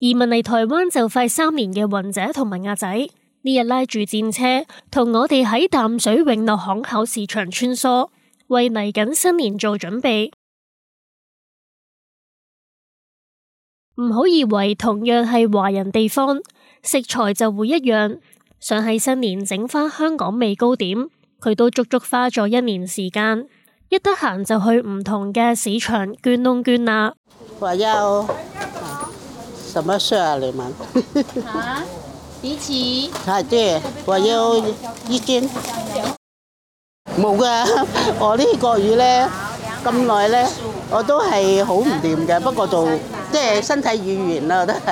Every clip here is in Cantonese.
移民嚟台灣就快三年嘅雲姐同埋阿仔，呢日拉住戰車，同我哋喺淡水永樂巷口市場穿梭，為嚟緊新年做準備。唔好以為同樣係華人地方，食材就會一樣。想喺新年整返香港味糕點，佢都足足花咗一年時間，一得閒就去唔同嘅市場捐窿捐罅。捐什麼樹啊？你問？嚇！彼此。即係，話要意見。冇㗎，我呢個語咧咁耐咧，我都係好唔掂嘅。不過做即係身體語言啦，都係。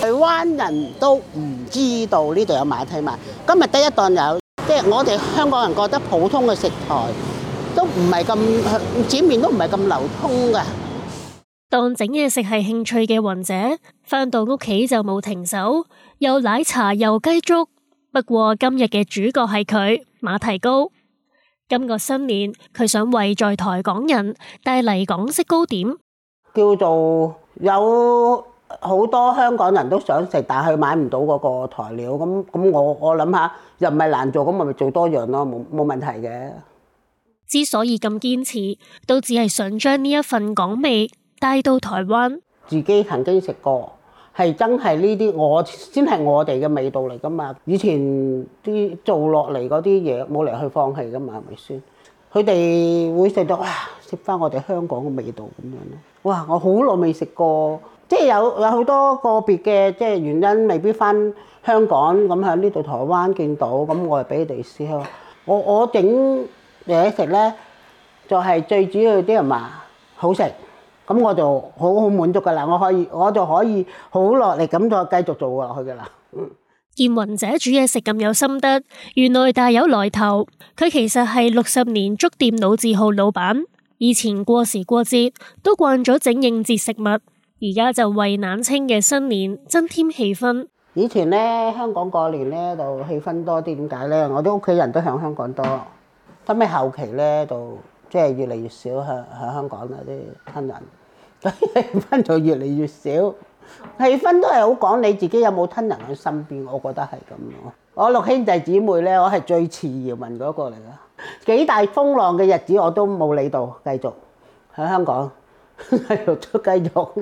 台灣人都唔知道呢度有馬蹄賣，今日得一檔有。即係我哋香港人覺得普通嘅食材都唔係咁，整面都唔係咁流通㗎。當整嘢食係興趣嘅雲姐，返到屋企就冇停手，又奶茶又雞粥。不過今日嘅主角係佢馬蹄糕。今個新年佢想為在台港人帶嚟港式糕點，叫做有好多香港人都想食，但係買唔到嗰個材料。咁咁，我我諗下又唔係難做，咁咪做多樣咯，冇冇問題嘅。之所以咁堅持，都只係想將呢一份港味。帶到台灣，自己曾經食過係真係呢啲，我先係我哋嘅味道嚟噶嘛。以前啲做落嚟嗰啲嘢冇嚟去放棄噶嘛，係咪先？佢哋會食到哇，食翻我哋香港嘅味道咁樣咯。哇，我好耐未食過，即係有有好多個別嘅即係原因，未必翻香港咁喺呢度台灣見到咁，我又俾你哋試下。我我整嘢食咧，就係最主要啲人話好食。咁我就好好滿足噶啦，我可以我就可以好落力咁再繼續做落去噶啦。雲姐煮嘢食咁有心得，原來大有來頭。佢其實係六十年粥店老字號老闆，以前過時過節都慣咗整應節食物，而家就為冷清嘅新年增添氣氛。以前呢香港過年呢就氣氛多啲，點解呢？我啲屋企人都響香港多，咁咪後期呢就。即係越嚟越少喺喺香港嗰啲親人， 氣氛就越嚟越少。 氣氛都係好講你自己有冇親人喺身邊，我覺得係咁咯。我六兄弟姊妹咧，我係最遲移民嗰個嚟噶。幾大風浪嘅日子我都冇理到，繼續喺香港繼續都繼續。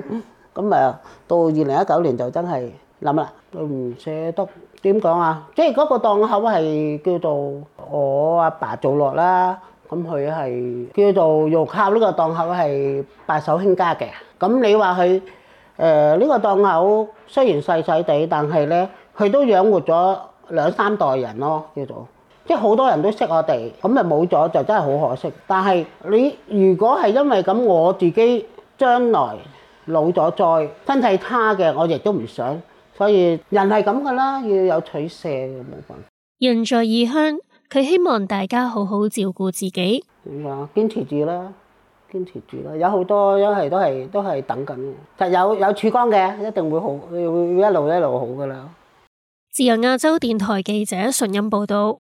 咁啊，到二零一九年就真係諗啦，都唔捨得點講啊！即係嗰個檔口係叫做我阿爸，爸做落啦。咁佢係叫做玉客，呢個檔口係八手兄家嘅。咁你話佢誒呢個檔口雖然細細地，但係咧佢都養活咗兩三代人咯，叫做即係好多人都識我哋。咁咪冇咗就真係好可惜。但係你如果係因為咁，我自己將來老咗再身體差嘅，我亦都唔想。所以人係咁噶啦，要有取捨嘅，冇辦法。人在異鄉。.佢希望大家好好照顧自己。點話？堅持住啦，堅持住啦。有好多都係都係都係等緊嘅。有有曙光嘅，一定會好，會一路一路好噶啦。自由亞洲電台記者順音報道。